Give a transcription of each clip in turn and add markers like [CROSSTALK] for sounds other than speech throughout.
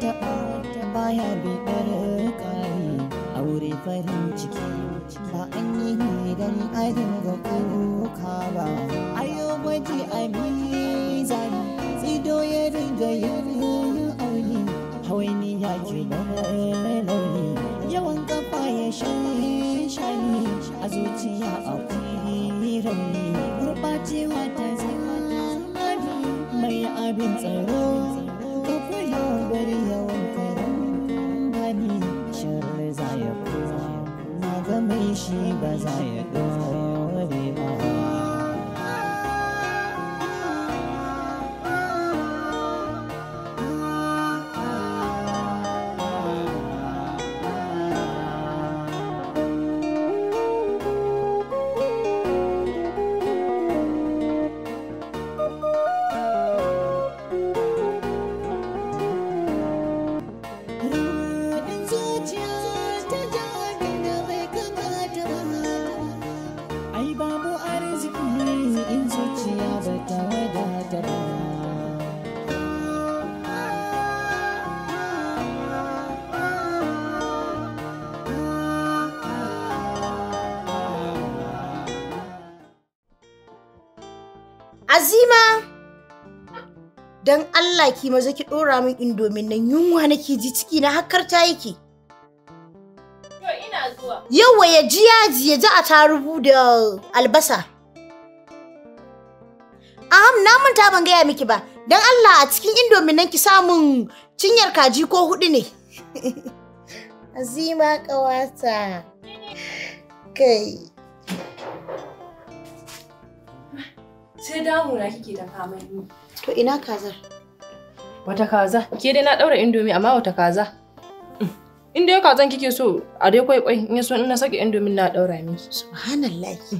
ta ta baya bidar kari aure farin ciki ba an yi ne don adin ga kuka ba ayo gwaji a mizani tsido ya ringa yin aure hawaini ya ji launi yawan kafa ya shani a zuciya akwai rauni gurɓacewa ta zamani mai abin tsaro ya kuma ga mai shi ba za ya ɗora in Azima! Don Allah ki maza ki ɗora min indomin nan yunwa nake ji ciki na hakar ta yake. Yawa ya ji yaji ya ji a tarubu da albasa. Aham na manta ban gaya miki ba, don Allah a cikin indomin nan ki samun cinyar kaji ko hudu ne. [LAUGHS] Azima ƙawata. Kai. Sai damuna kike da kamar To ina kazar? Wata kaza? Ke dai na ɗaura indomi amma wata kaza? inda ya kazan kike so a dai kwai kwai in so ina na yan indomin na daura miki subhanallahi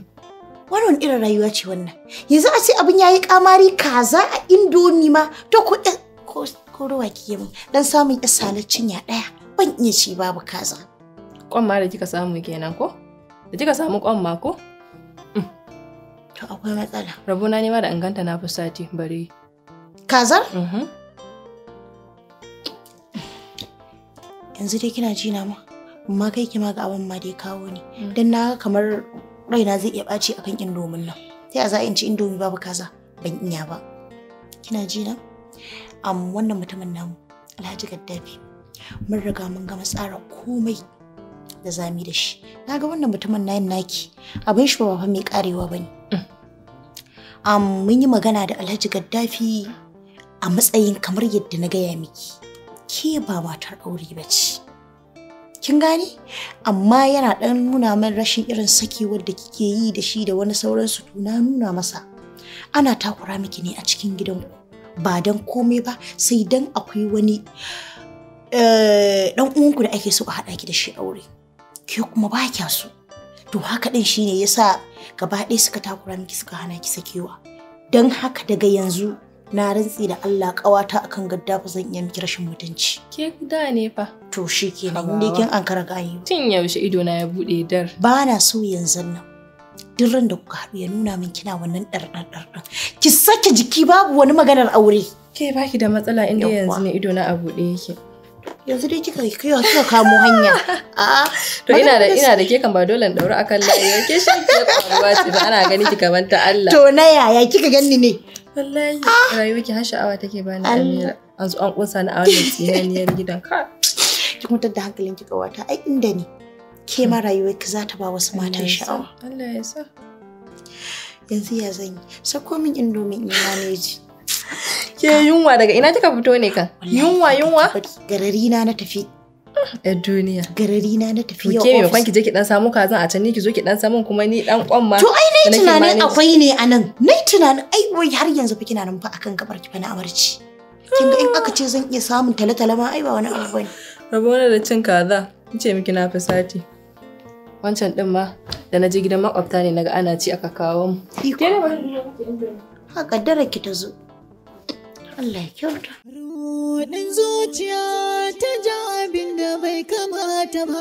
wannan irin rayuwa ce wannan yanzu a ce abin yayi kamari kaza a indomi ma to ku eh, ko ko ruwa kike mun dan samun isalacin ya daya ban iya ci babu kaza kwan ma da kika samu kenan ko da kika samu kwan ma ko mm. to akwai matsala rabona ne ma da inganta na fi sati bare kazar mhm yanzu dai kina ji na ma amma kai ki ma ga abin ma da ya kawo ni mm. dan na kamar raina zai iya ɓaci akan indomin nan sai a za in ci indomi babu kaza ban iya ba kina ji na am wannan mutumin namu Alhaji Gaddafi mun riga mun gama tsara komai da zami da shi na ga wannan mutumin nayin naki abin shi ba fa mai karewa bane ne. Mm. mun yi magana da Alhaji Gaddafi a matsayin kamar yadda na gaya miki ke ba matar aure ba ce kin gani amma yana ɗan nuna min rashin irin sakewar da kike yi da shi da wani sauransu Tuna tuna nuna masa ana takura miki ne a cikin gidanku ba dan komai ba sai don akwai wani eh, ɗan uwanku da ake so a haɗa ki da shi aure ke kuma ba kya so to haka ɗin shine yasa gaba ɗaya suka takura miki suka hana ki sakewa dan haka daga yanzu na rantsi da Allah ƙawata akan gaddafa zan iya miki rashin mutunci. Ke da ne fa. To shi kenan ni kin an kara gani. Tun yaushe ido na ya bude dar. Ba na so yanzu nan. Duk ran da kuka haɗu ya nuna min kina wannan ɗarɗar ɗarɗar. Ki sake jiki babu wani maganar aure. Ke baki da matsala inda yanzu ne ido na a buɗe yake. yanzu dai kika kika kika kamo hanya [LAUGHS] ah, to ina da ina da ke kan ba dole in daura akan layi ke shi ke faruwa ce ba ana gani ki kamar ta Allah to na yaya kika ganni ne wallahi ah! ki har bani amira an zo an na a wannan [LAUGHS] ki da hankalin ke ma rayuwar ki za ta ba Allah ya yanzu ya zan yi sako min indomin ke yunwa daga ina kika fito ne kan yunwa yunwa garari na na tafi ofis ke je ki dan samu kazan a can ni ki zo ki dan samu kuma ni dan kwan na tunanin akwai ne a nan. Na tunanin ai wai har yanzu fi kina nan akan kabar ki fa na amarci. Kin in aka ce zan iya samun talatala ma ai ba wani abu bane. Rabo na da cin kaza. Ce miki na fi sati. Wancan din ma da na gidan makwabta ne naga ana ci aka kawo mu. Ha kaddara ki ta zo. Allah ya kyauta. Ruɗin zuciya ta ja abin da bai kamata ba.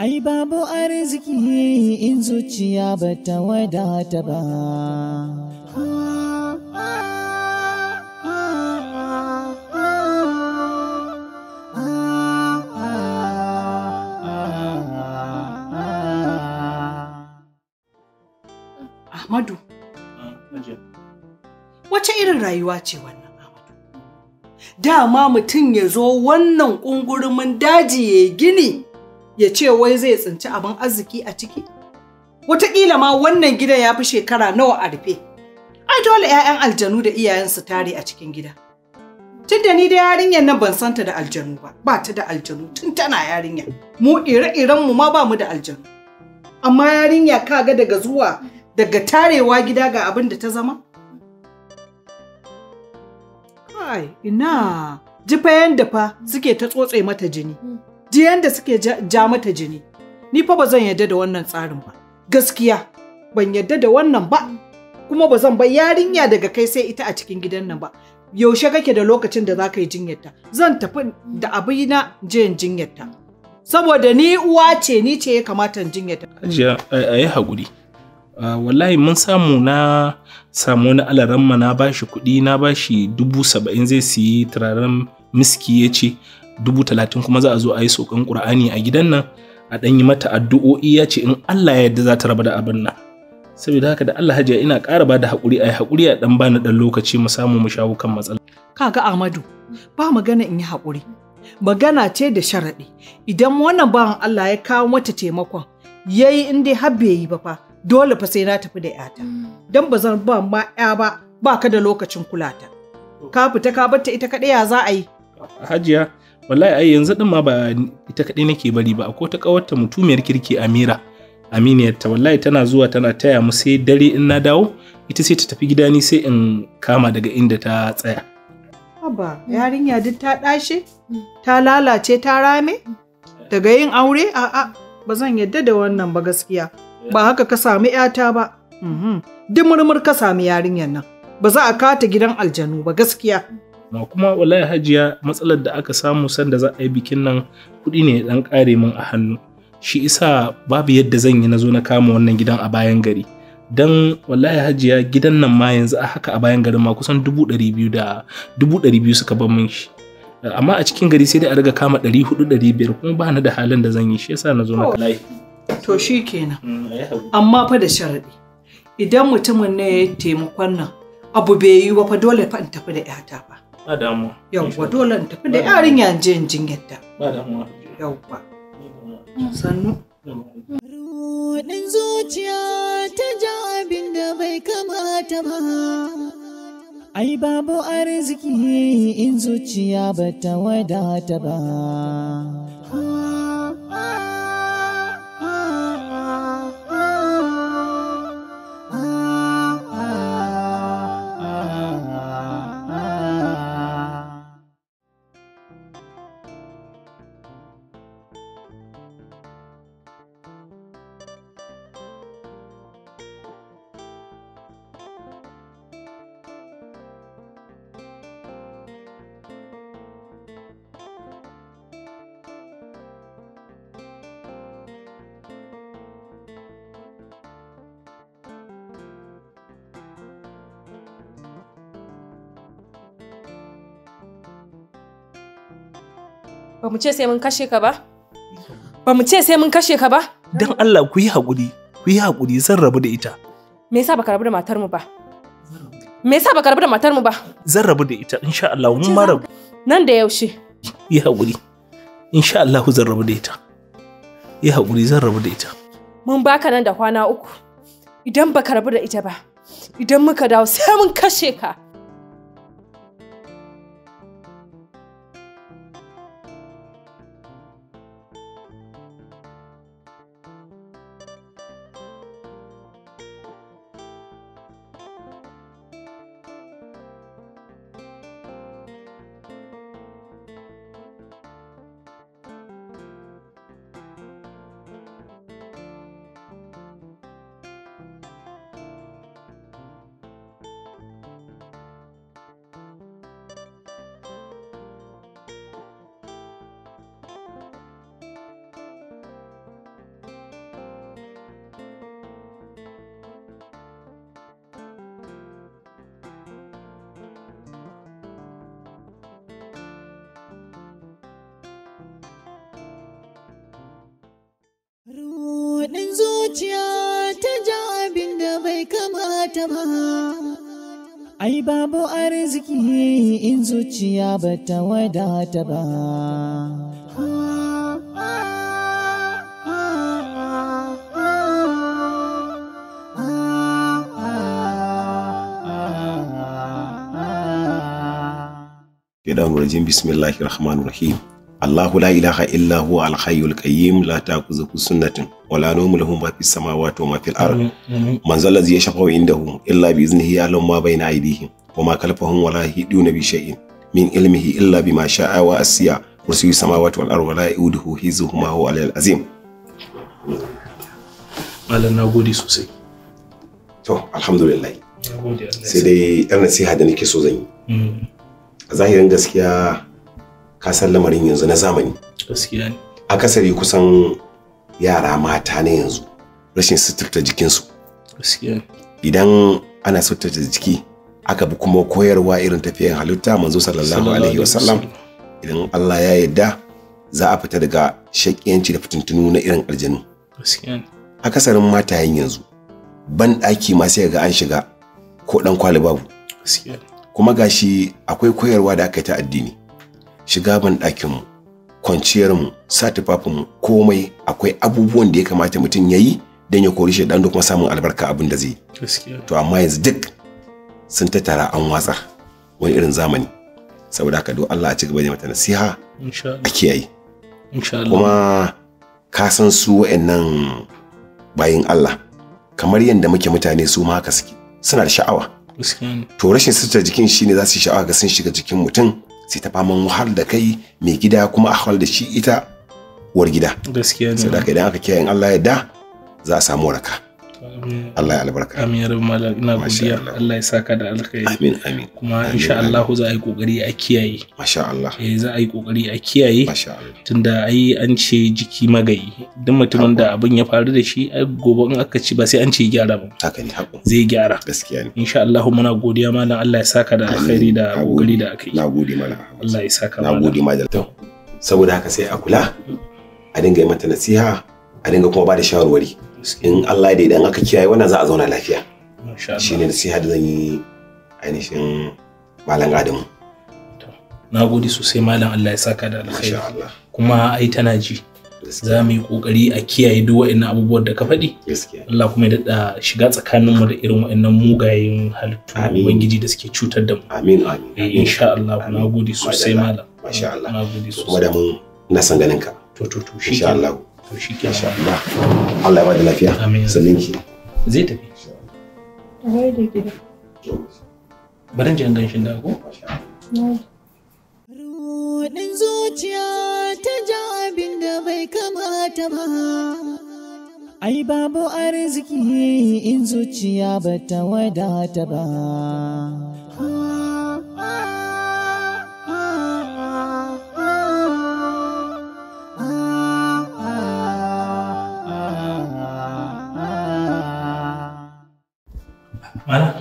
ai babu arziki in zuciya ba ta wadata ba. Ahmadu, ah, wace irin rayuwa ce wannan Ahmadu? Dama mutum ya zo wannan ƙungurumin daji ya gini. ya ce wai zai tsinci abin arziki a ciki? Wataƙila ma wannan gidan ya fi shekara nawa a rufe. Ai dole 'ya'yan aljanu da iyayensu tare a cikin gida. Tun da ni da yarinyar nan ban santa da aljanu ba, ba ta da aljanu tun tana yarinya. Mu ire-iren mu ma ba mu da aljanu. Amma yarinya ka ga daga zuwa daga tarewa gida ga abin da ta zama? Kai, ina, jifa yanda fa suke ta tsotse mata jini. Hmm. jiyan da suke ja mata jini ni fa ba zan yarda da wannan tsarin ba gaskiya ban yarda da wannan ba kuma ba zan bar yarinya daga kai sai ita a cikin gidan nan ba yaushe kake da lokacin da za ka yi jinyarta zan tafi da abina je in jinyarta saboda ni uwa ce ni ce ya kamata in jinyarta ajiya a yi haƙuri wallahi mun samu na samu na alaran ma na bashi kuɗi na bashi dubu saba'in zai siyi turaren miski ya ce dubu talatin kuma za a zo a yi sokan ƙur'ani a gidan nan a ɗan yi mata addu'o'i ya ce in Allah ya yarda za ta raba da abin nan saboda haka da Allah hajiya ina ƙara ba da haƙuri a yi haƙuri a ɗan bani ɗan lokaci mu samu mu shawo kan matsala. Kaga Ahmadu ba magana in yi haƙuri magana ce da sharaɗi idan wannan bawan Allah ya kawo mata taimakon ya yi in dai har bai yi ba fa dole fa sai na tafi da ‘yata don ba zan ba ma ‘ya ba ba ka da lokacin kulata ka fita ka bata ita kaɗai ya za a yi. Hajiya wallahi ai yanzu din ma ba ita kaɗai nake bari ba akwai ta kawarta mutumiyar kirki Amira aminiyar ta wallahi tana zuwa tana taya mu sai dare in na dawo ita sai ta tafi gida sai in kama daga inda ta tsaya haba yarinya duk ta ɗashe ta lalace ta rame daga yin aure a'a ba zan yadda da wannan ba gaskiya ba haka ka sami yata ba mhm. duk murmur ka sami yarinyar nan ba za a kata gidan aljanu ba gaskiya kuma wallahi hajiya matsalar da aka samu sanda za a yi bikin nan kuɗi ne dan ƙare min a hannu shi isa babu yadda zan yi na zo na kama wannan gidan a bayan gari don wallahi hajiya gidan nan ma yanzu a haka a bayan garin ma kusan dubu ɗari biyu da dubu suka ban min shi amma a cikin gari sai dai a riga kama ɗari hudu kuma ba ni da halin da zan yi shi yasa na zo na kama. to shi kenan mm, amma fa da sharaɗi idan mutumin ne ya taimakon nan abu bai yi wa fa dole fa in tafi da 'yata ba. Ba damuwa. Yawwa dole in tafi da yarin ya je in jinyarta. Ba damuwa. Yawwa. Sannu. Ruɗin zuciya ta ja abin da bai kamata ba. Ai babu arziki in zuciya ba ta wadata ba. Ba mu ce sai mun kashe ka ba? Ba mu ce sai mun kashe ka ba? don Allah ku yi haƙuri, ku yi haƙuri zan rabu da ita. Me yasa baka rabu da matar mu ba? Me yasa baka rabu da matar mu ba? Zan rabu da ita insha Allah mun ma rabu. Nan da yaushe? Yi haƙuri. Insha Allah zan rabu da ita. Yi haƙuri zan rabu da ita. Mun baka nan da kwana uku. Idan baka rabu da ita ba, idan muka dawo sai mun kashe ka. ba ai babu arziki in zuciya ba ta wadata ba Kiɗan rajin bismillahir rahmanir rahim Allahu la ilaha illa huwa al-hayyul qayyum la ta'khudhuhu sunnatun wa la nawmun lahu ma fis samawati wa ma fil ard man zal ladzi yashfa'u indahu illa bi iznihi ya'lamu ma bayna aydihim wa ma khalfahum wa la yahiduna bi shay'in min ilmihi illa bima sha'a wa asiya kursiyu samawati wal ard wa la ya'uduhu hifzuhuma wa al azim malam nagode sosai to alhamdulillah sai dai yan nasiha hadani ke so zan yi mm. a zahirin gaskiya ka san lamarin yanzu na zamani gaskiya ne akasari kusan yara mata na yanzu rashin suturta jikinsu gaskiya idan ana suturta jiki aka bi kuma koyarwa irin tafiyan halitta manzo sallallahu alaihi wasallam idan Allah ya yarda za a fita daga shakiyanci da fitintunu na irin aljanu akasarin matayen yanzu ban ɗaki ma sai ga an shiga ko ɗan kwali babu kuma gashi akwai koyarwa da aka yi ta addini shiga ban kwanciyarmu sa tufafinmu komai akwai abubuwan da ya kamata mutum ya yi don ya kori shaidan da kuma samun albarka abin da zai to amma yanzu duk sun tattara an watsa wani irin zamani saboda haka don Allah a ci gaba da mata nasiha a kiyaye kuma ka san su wa'annan bayin Allah kamar yadda muke mutane su ma haka suke suna da sha'awa to rashin sitar jikin shine za su sha'awa ga sun shiga jikin mutum sai ta faman wahal da kai mai gida kuma a da shi ita uwar gida gaskiya ne saboda idan aka kiyaye Allah ya da za a samu waraka Allah ya albarka amin ya rabu malam ina godiya Allah ya saka da alkhairi amin amin kuma insha Allah za a yi kokari a kiyaye masha Allah eh za a yi kokari a kiyaye masha Allah tunda ai an ce jiki magayi duk mutumin da abin ya faru da shi ai gobe in aka ci ba sai an ce gyara ba haka ne haƙo. zai gyara gaskiya ne insha Allah muna godiya mallam Allah ya saka da alkhairi da kokari da Na gode mallam. Allah ya saka Na gode mallam. to saboda haka sai a kula a dinga yi mata nasiha a dinga kuma ba da shawarwari in Allah da idan aka kiyaye wannan za a zauna lafiya shi nasiha da zan yi ainihin malam Adamu na gode sosai malam Allah ya saka da alkhairi kuma ai tana ji za mu yi kokari a kiyaye duk wa'annan abubuwan da ka faɗi Allah kuma ya daɗa shiga tsakanin mu da irin wa'annan mugayen halittu ubangiji da suke cutar da mu amin amin eh, insha Allah na gode sosai malam masha Allah na gode sosai kuma da mun na san ganin ka to to to insha Allah to Allah ya bada lafiya ki zai tafi da gida jin ganshin da ko Rudin zuciya ta ja bai kamata ba. Ai babu arziki in zuciya ba ta wadata ba. mana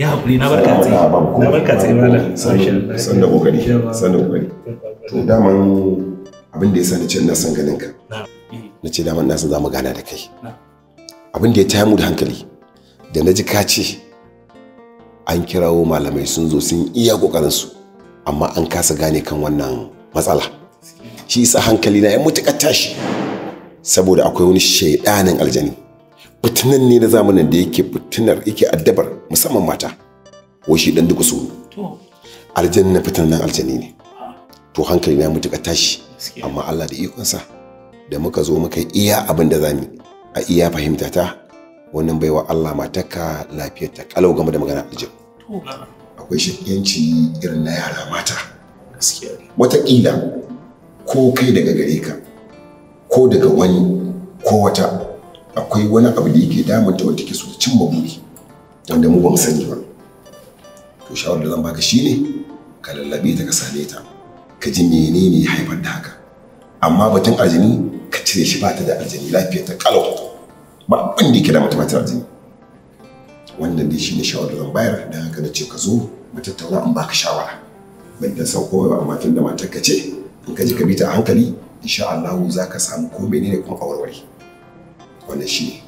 ya haƙuri na barka tsaye na barka tsaye mana san da kokari san da kokari to daman abin da ya sani can na san ganin ka na ce daman na san zamu gana da kai abin da ya taya mu da hankali da na ji ka ce an kirawo malamai sun zo sun iya kokarin su amma an kasa gane kan wannan matsala shi isa hankali na ya mutuƙar tashi saboda akwai wani shaidanin aljani fitinan ne na zamanin da yake fitinar yake addabar musamman mata wai shi dan duka suru aljanna fitinan aljanni ne ah. to hankali na mutuka tashi amma Allah da ikonsa da muka zo muka iya abin da zamu a iya fahimta ta wannan baiwa Allah mataka lafiyar ta kalau game da magana aljin akwai yanci irin na yara mata wataƙila ko kai daga gare ka ko daga wani ko wata akwai wani abu da yake damun ta wata ke so ta cimma buri wanda mu ba mu sani ba to shawarar da zan baka shine ka lallabe ta ka same ta ka ji menene ya haifar da haka amma batun aljini ka cire shi ba ta da aljini lafiyar ta kalau ba abin da yake da mata aljini wannan dai shine shawarar zan bayar dan haka na ce ka zo mu tattauna an baka shawara ban da san ba amma tun da matar ka ce in ka ji ka bi ta a hankali insha Allah za ka samu ko menene kuma a wannan shi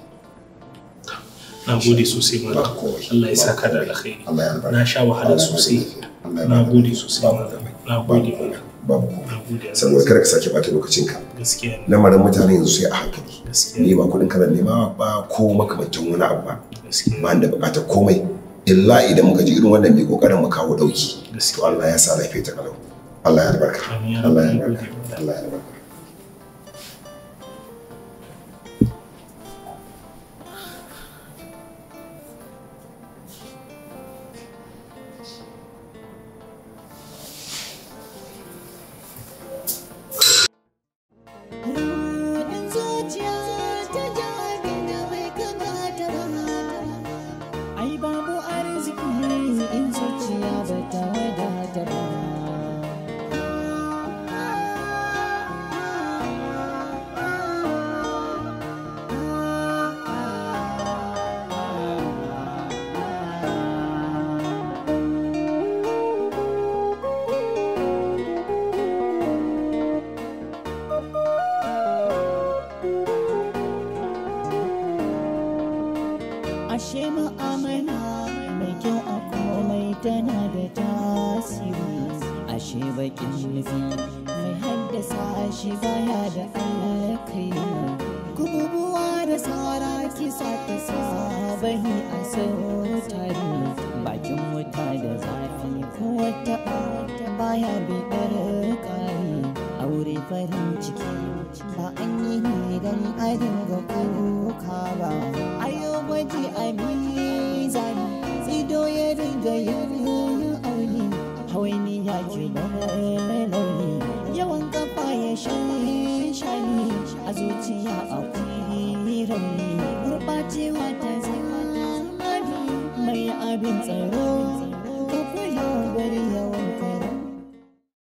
na gode sosai ma Allah ya saka da alkhairi na sha wahala sosai na gode sosai ma na gode ma babu komai saboda kada ka sake bata lokacinka gaskiya lamarin mutane yanzu sai a hankali ni ba kudin karan nema ba ko makamantan wani abu ba ba da bukatar komai illa idan muka ji irin wannan mai kokarin mu kawo dauki to Allah ya sa lafiya ta kalau Allah ya albarka Allah ya albarka Allah ya albarka baya bidar kai aure farin ciki ba an yi ne don